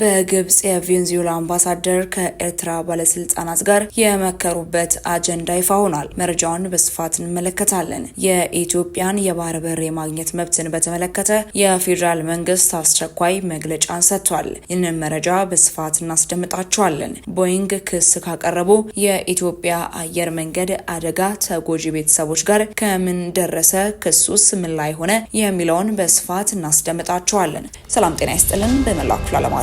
በግብጽ የቬንዙዌላ አምባሳደር ከኤርትራ ባለስልጣናት ጋር የመከሩበት አጀንዳ ይፋ ሆኗል። መረጃውን በስፋት እንመለከታለን። የኢትዮጵያን የባህር በር የማግኘት መብትን በተመለከተ የፌዴራል መንግስት አስቸኳይ መግለጫን ሰጥቷል። ይህንን መረጃ በስፋት እናስደምጣችኋለን። ቦይንግ ክስ ካቀረቡ የኢትዮጵያ አየር መንገድ አደጋ ተጎጂ ቤተሰቦች ጋር ከምን ደረሰ፣ ክሱስ ምን ላይ ሆነ የሚለውን በስፋት እናስደምጣችኋለን። ሰላም ጤና ይስጥልን በመላ ክፍለ ዓለማት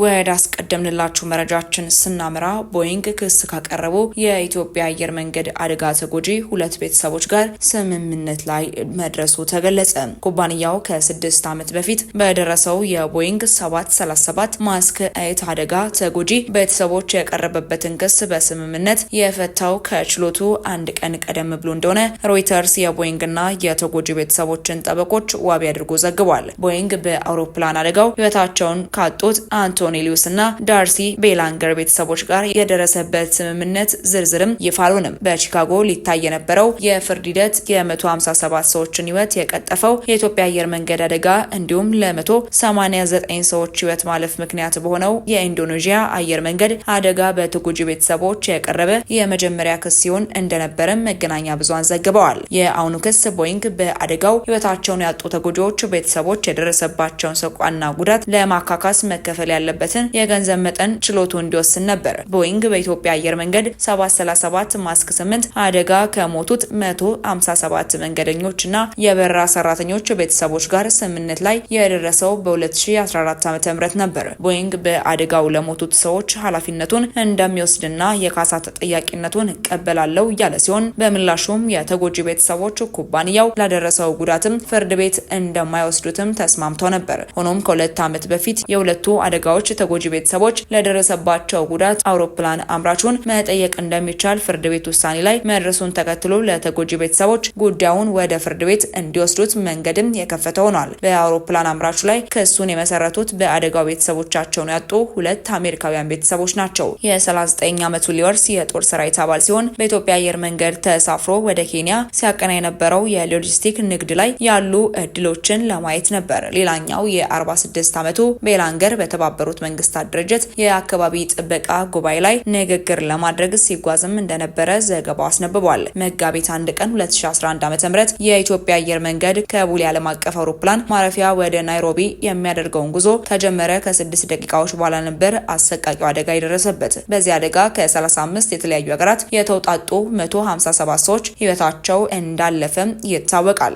ወደ አስቀደምንላችሁ መረጃችን ስናምራ ቦይንግ ክስ ካቀረቡ የኢትዮጵያ አየር መንገድ አደጋ ተጎጂ ሁለት ቤተሰቦች ጋር ስምምነት ላይ መድረሱ ተገለጸ። ኩባንያው ከስድስት ዓመት በፊት በደረሰው የቦይንግ 737 ማስክ አየት አደጋ ተጎጂ ቤተሰቦች የቀረበበትን ክስ በስምምነት የፈታው ከችሎቱ አንድ ቀን ቀደም ብሎ እንደሆነ ሮይተርስ የቦይንግና የተጎጂ ቤተሰቦችን ጠበቆች ዋቢ አድርጎ ዘግቧል። ቦይንግ በአውሮፕላን አደጋው ህይወታቸውን ካጡት አንቶ ኮርኔሊዩስ እና ዳርሲ ቤላንገር ቤተሰቦች ጋር የደረሰበት ስምምነት ዝርዝርም ይፋ አልሆነም። በቺካጎ ሊታይ የነበረው የፍርድ ሂደት የ157 ሰዎችን ህይወት የቀጠፈው የኢትዮጵያ አየር መንገድ አደጋ እንዲሁም ለ189 ሰዎች ህይወት ማለፍ ምክንያት በሆነው የኢንዶኔዥያ አየር መንገድ አደጋ በተጎጂ ቤተሰቦች የቀረበ የመጀመሪያ ክስ ሲሆን እንደነበረም መገናኛ ብዙሃን ዘግበዋል። የአሁኑ ክስ ቦይንግ በአደጋው ህይወታቸውን ያጡ ተጎጂዎች ቤተሰቦች የደረሰባቸውን ሰቋና ጉዳት ለማካካስ መከፈል ያለበት ያለበትን የገንዘብ መጠን ችሎቱ እንዲወስን ነበር። ቦይንግ በኢትዮጵያ አየር መንገድ 737 ማስክ 8 አደጋ ከሞቱት 157 መንገደኞች እና የበረራ ሰራተኞች ቤተሰቦች ጋር ስምምነት ላይ የደረሰው በ2014 ዓ.ም ነበር። ቦይንግ በአደጋው ለሞቱት ሰዎች ኃላፊነቱን እንደሚወስድና የካሳ ተጠያቂነቱን እቀበላለሁ እያለ ሲሆን በምላሹም የተጎጂ ቤተሰቦች ኩባንያው ላደረሰው ጉዳትም ፍርድ ቤት እንደማይወስዱትም ተስማምተው ነበር። ሆኖም ከሁለት ዓመት በፊት የሁለቱ አደጋዎች ሰዎች ተጎጂ ቤተሰቦች ለደረሰባቸው ጉዳት አውሮፕላን አምራቹን መጠየቅ እንደሚቻል ፍርድ ቤት ውሳኔ ላይ መድረሱን ተከትሎ ለተጎጂ ቤተሰቦች ጉዳዩን ወደ ፍርድ ቤት እንዲወስዱት መንገድም የከፈተ ሆኗል። በአውሮፕላን አምራቹ ላይ ክሱን የመሰረቱት በአደጋው ቤተሰቦቻቸውን ያጡ ሁለት አሜሪካውያን ቤተሰቦች ናቸው። የ39 ዓመቱ ሊወርስ የጦር ሰራዊት አባል ሲሆን በኢትዮጵያ አየር መንገድ ተሳፍሮ ወደ ኬንያ ሲያቀና የነበረው የሎጂስቲክ ንግድ ላይ ያሉ እድሎችን ለማየት ነበር። ሌላኛው የ46 ዓመቱ ቤላንገር በተባበሩት የተባበሩት መንግስታት ድርጅት የአካባቢ ጥበቃ ጉባኤ ላይ ንግግር ለማድረግ ሲጓዝም እንደነበረ ዘገባው አስነብቧል። መጋቢት አንድ ቀን 2011 ዓ.ም የኢትዮጵያ አየር መንገድ ከቡሌ ዓለም አቀፍ አውሮፕላን ማረፊያ ወደ ናይሮቢ የሚያደርገውን ጉዞ ከጀመረ ከስድስት ደቂቃዎች በኋላ ነበር አሰቃቂው አደጋ የደረሰበት። በዚህ አደጋ ከ35 የተለያዩ ሀገራት የተውጣጡ 157 ሰዎች ህይወታቸው እንዳለፈም ይታወቃል።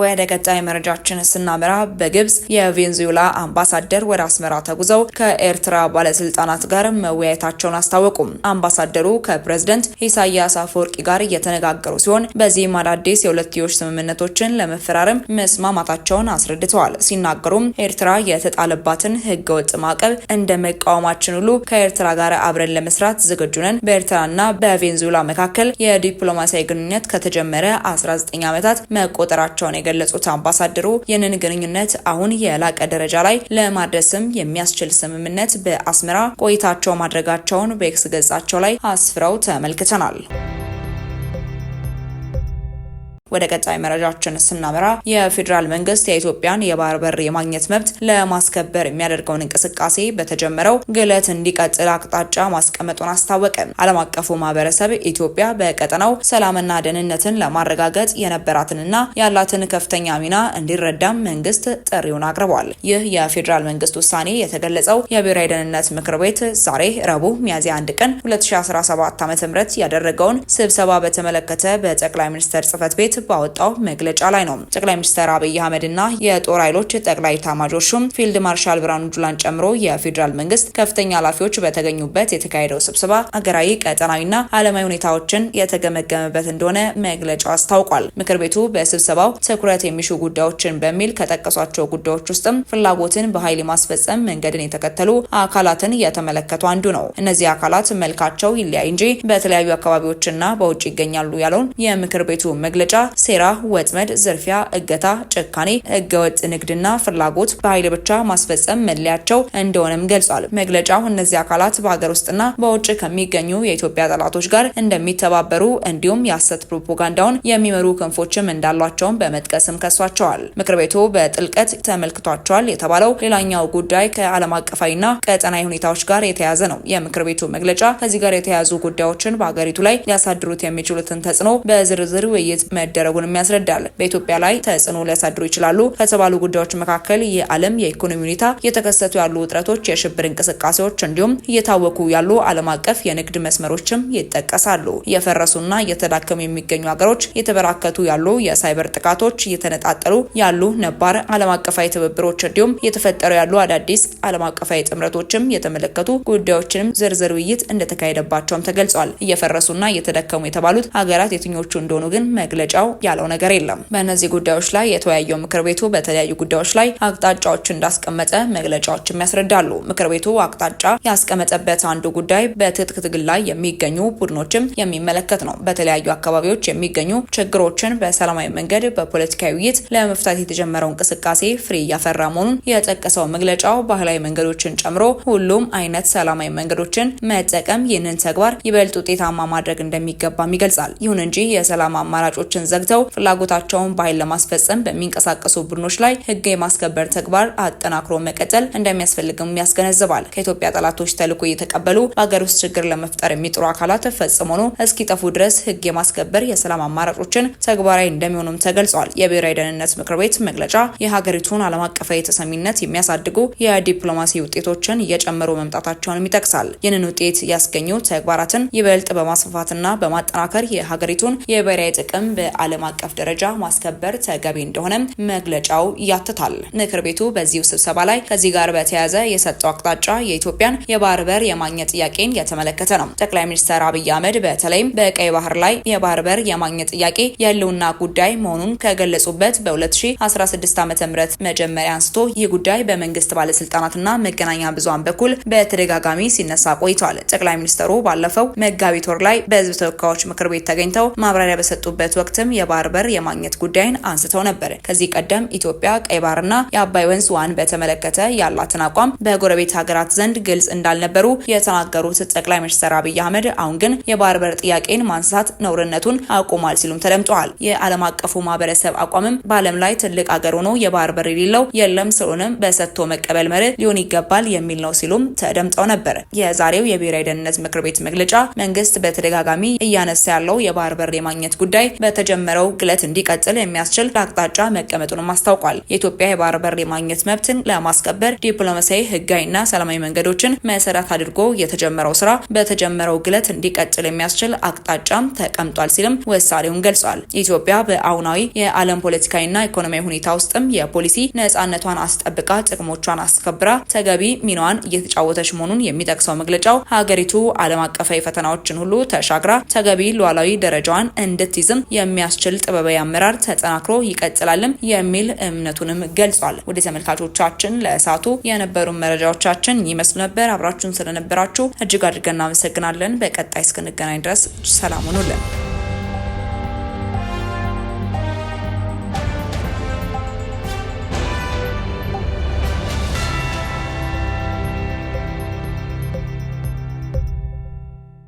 ወደ ቀጣይ መረጃችን ስናመራ በግብጽ የቬንዙዌላ አምባሳደር ወደ አስመራ ተጉዘው ከኤርትራ ባለስልጣናት ጋር መወያየታቸውን አስታወቁም። አምባሳደሩ ከፕሬዝደንት ኢሳያስ አፈወርቂ ጋር እየተነጋገሩ ሲሆን በዚህም አዳዲስ የሁለትዮሽ ስምምነቶችን ለመፈራረም መስማማታቸውን አስረድተዋል። ሲናገሩም ኤርትራ የተጣለባትን ህገወጥ ማዕቀብ እንደ መቃወማችን ሁሉ ከኤርትራ ጋር አብረን ለመስራት ዝግጁ ነን። በኤርትራና በቬንዙዌላ መካከል የዲፕሎማሲያዊ ግንኙነት ከተጀመረ 19 ዓመታት መቆጠራቸውን የገለጹት አምባሳደሩ ይህንን ግንኙነት አሁን የላቀ ደረጃ ላይ ለማድረስም የሚያስችል ስምምነት በአስመራ ቆይታቸው ማድረጋቸውን በኤክስ ገጻቸው ላይ አስፍረው ተመልክተናል። ወደ ቀጣይ መረጃችን ስናመራ የፌዴራል መንግስት የኢትዮጵያን የባህር በር የማግኘት መብት ለማስከበር የሚያደርገውን እንቅስቃሴ በተጀመረው ግለት እንዲቀጥል አቅጣጫ ማስቀመጡን አስታወቀ። ዓለም አቀፉ ማህበረሰብ ኢትዮጵያ በቀጠናው ሰላምና ደህንነትን ለማረጋገጥ የነበራትንና ያላትን ከፍተኛ ሚና እንዲረዳም መንግስት ጥሪውን አቅርቧል። ይህ የፌዴራል መንግስት ውሳኔ የተገለጸው የብሔራዊ ደህንነት ምክር ቤት ዛሬ ረቡዕ ሚያዝያ 1 ቀን 2017 ዓ.ም ያደረገውን ስብሰባ በተመለከተ በጠቅላይ ሚኒስትር ጽህፈት ቤት ባወጣው መግለጫ ላይ ነው። ጠቅላይ ሚኒስትር አብይ አህመድና የጦር ኃይሎች ጠቅላይ ኤታማዦር ሹም ፊልድ ማርሻል ብርሃኑ ጁላን ጨምሮ የፌዴራል መንግስት ከፍተኛ ኃላፊዎች በተገኙበት የተካሄደው ስብሰባ አገራዊ ቀጠናዊና ዓለማዊ ሁኔታዎችን የተገመገመበት እንደሆነ መግለጫው አስታውቋል። ምክር ቤቱ በስብሰባው ትኩረት የሚሹ ጉዳዮችን በሚል ከጠቀሷቸው ጉዳዮች ውስጥም ፍላጎትን በኃይል ማስፈጸም መንገድን የተከተሉ አካላትን የተመለከቱ አንዱ ነው። እነዚህ አካላት መልካቸው ይለያይ እንጂ በተለያዩ አካባቢዎችና በውጭ ይገኛሉ ያለውን የምክር ቤቱ መግለጫ ሴራ፣ ወጥመድ፣ ዝርፊያ፣ እገታ፣ ጭካኔ፣ ህገወጥ ንግድና ፍላጎት በኃይል ብቻ ማስፈጸም መለያቸው እንደሆነም ገልጿል። መግለጫው እነዚህ አካላት በሀገር ውስጥና በውጭ ከሚገኙ የኢትዮጵያ ጠላቶች ጋር እንደሚተባበሩ እንዲሁም የሐሰት ፕሮፓጋንዳውን የሚመሩ ክንፎችም እንዳሏቸውን በመጥቀስም ከሷቸዋል። ምክር ቤቱ በጥልቀት ተመልክቷቸዋል የተባለው ሌላኛው ጉዳይ ከዓለም አቀፋዊና ቀጠናዊ ሁኔታዎች ጋር የተያያዘ ነው። የምክር ቤቱ መግለጫ ከዚህ ጋር የተያያዙ ጉዳዮችን በሀገሪቱ ላይ ሊያሳድሩት የሚችሉትን ተጽዕኖ በዝርዝር ውይይት መ መደረጉን ያስረዳል። በኢትዮጵያ ላይ ተጽዕኖ ሊያሳድሩ ይችላሉ ከተባሉ ጉዳዮች መካከል የዓለም የኢኮኖሚ ሁኔታ፣ እየተከሰቱ ያሉ ውጥረቶች፣ የሽብር እንቅስቃሴዎች እንዲሁም እየታወኩ ያሉ ዓለም አቀፍ የንግድ መስመሮችም ይጠቀሳሉ። የፈረሱና እየተዳከሙ የሚገኙ ሀገሮች፣ እየተበራከቱ ያሉ የሳይበር ጥቃቶች፣ እየተነጣጠሉ ያሉ ነባር ዓለም አቀፋዊ ትብብሮች እንዲሁም እየተፈጠሩ ያሉ አዳዲስ ዓለም አቀፋዊ ጥምረቶችም የተመለከቱ ጉዳዮችንም ዝርዝር ውይይት እንደተካሄደባቸውም ተገልጿል። እየፈረሱና እየተዳከሙ የተባሉት ሀገራት የትኞቹ እንደሆኑ ግን መግለጫው መግለጫው ያለው ነገር የለም። በእነዚህ ጉዳዮች ላይ የተወያየው ምክር ቤቱ በተለያዩ ጉዳዮች ላይ አቅጣጫዎች እንዳስቀመጠ መግለጫዎችም ያስረዳሉ። ምክር ቤቱ አቅጣጫ ያስቀመጠበት አንዱ ጉዳይ በትጥቅ ትግል ላይ የሚገኙ ቡድኖችም የሚመለከት ነው። በተለያዩ አካባቢዎች የሚገኙ ችግሮችን በሰላማዊ መንገድ በፖለቲካዊ ውይይት ለመፍታት የተጀመረው እንቅስቃሴ ፍሬ እያፈራ መሆኑን የጠቀሰው መግለጫው ባህላዊ መንገዶችን ጨምሮ ሁሉም አይነት ሰላማዊ መንገዶችን መጠቀም ይህንን ተግባር ይበልጥ ውጤታማ ማድረግ እንደሚገባም ይገልጻል። ይሁን እንጂ የሰላም አማራጮችን ዘግተው ፍላጎታቸውን በኃይል ለማስፈጸም በሚንቀሳቀሱ ቡድኖች ላይ ህግ የማስከበር ተግባር አጠናክሮ መቀጠል እንደሚያስፈልግም ያስገነዝባል። ከኢትዮጵያ ጠላቶች ተልዕኮ እየተቀበሉ በሀገር ውስጥ ችግር ለመፍጠር የሚጥሩ አካላት ፈጽሞ ነው እስኪጠፉ ድረስ ህግ የማስከበር የሰላም አማራጮችን ተግባራዊ እንደሚሆኑም ተገልጿል። የብሔራዊ ደህንነት ምክር ቤት መግለጫ የሀገሪቱን ዓለም አቀፋዊ ተሰሚነት የሚያሳድጉ የዲፕሎማሲ ውጤቶችን እየጨመሩ መምጣታቸውንም ይጠቅሳል። ይህንን ውጤት ያስገኙ ተግባራትን ይበልጥ በማስፋፋትና በማጠናከር የሀገሪቱን የብሔራዊ ጥቅም በ በዓለም አቀፍ ደረጃ ማስከበር ተገቢ እንደሆነም መግለጫው ያትታል። ምክር ቤቱ በዚሁ ስብሰባ ላይ ከዚህ ጋር በተያያዘ የሰጠው አቅጣጫ የኢትዮጵያን የባህር በር የማግኘት ጥያቄን የተመለከተ ነው። ጠቅላይ ሚኒስትር አብይ አህመድ በተለይም በቀይ ባህር ላይ የባህር በር የማግኘት ጥያቄ የህልውና ጉዳይ መሆኑን ከገለጹበት በ2016 ዓ ም መጀመሪያ አንስቶ ይህ ጉዳይ በመንግስት ባለስልጣናትና መገናኛ ብዙሃን በኩል በተደጋጋሚ ሲነሳ ቆይቷል። ጠቅላይ ሚኒስትሩ ባለፈው መጋቢት ወር ላይ በህዝብ ተወካዮች ምክር ቤት ተገኝተው ማብራሪያ በሰጡበት ወቅትም የባህር በር የማግኘት ጉዳይን አንስተው ነበር። ከዚህ ቀደም ኢትዮጵያ ቀይ ባህርና የአባይ ወንዝ ውሃን በተመለከተ ያላትን አቋም በጎረቤት ሀገራት ዘንድ ግልጽ እንዳልነበሩ የተናገሩት ጠቅላይ ሚኒስትር አብይ አህመድ አሁን ግን የባህር በር ጥያቄን ማንሳት ነውርነቱን አቁሟል ሲሉም ተደምጠዋል። የዓለም አቀፉ ማህበረሰብ አቋምም በዓለም ላይ ትልቅ አገር ሆኖ የባህር በር የሌለው የለም፣ ስለሆነም በሰጥቶ መቀበል መርህ ሊሆን ይገባል የሚል ነው ሲሉም ተደምጠው ነበር። የዛሬው የብሔራዊ ደህንነት ምክር ቤት መግለጫ መንግስት በተደጋጋሚ እያነሳ ያለው የባህር በር የማግኘት ጉዳይ በተጀመ የጀመረው ግለት እንዲቀጥል የሚያስችል አቅጣጫ መቀመጡንም አስታውቋል። የኢትዮጵያ የባህር በር የማግኘት መብትን ለማስከበር ዲፕሎማሲያዊ፣ ህጋዊና ሰላማዊ መንገዶችን መሰረት አድርጎ የተጀመረው ስራ በተጀመረው ግለት እንዲቀጥል የሚያስችል አቅጣጫም ተቀምጧል ሲልም ወሳኔውን ገልጿል። ኢትዮጵያ በአሁናዊ የዓለም ፖለቲካዊና ኢኮኖሚያዊ ሁኔታ ውስጥም የፖሊሲ ነጻነቷን አስጠብቃ ጥቅሞቿን አስከብራ ተገቢ ሚናዋን እየተጫወተች መሆኑን የሚጠቅሰው መግለጫው ሀገሪቱ ዓለም አቀፋዊ ፈተናዎችን ሁሉ ተሻግራ ተገቢ ሉዓላዊ ደረጃዋን እንድትይዝም የሚያስ የሚያስችል ጥበባዊ አመራር ተጠናክሮ ይቀጥላልም የሚል እምነቱንም ገልጿል። ወደ ተመልካቾቻችን ለእሳቱ የነበሩ መረጃዎቻችን ይመስሉ ነበር። አብራችሁን ስለነበራችሁ እጅግ አድርገን እናመሰግናለን። በቀጣይ እስክንገናኝ ድረስ ሰላም ሁኑልን።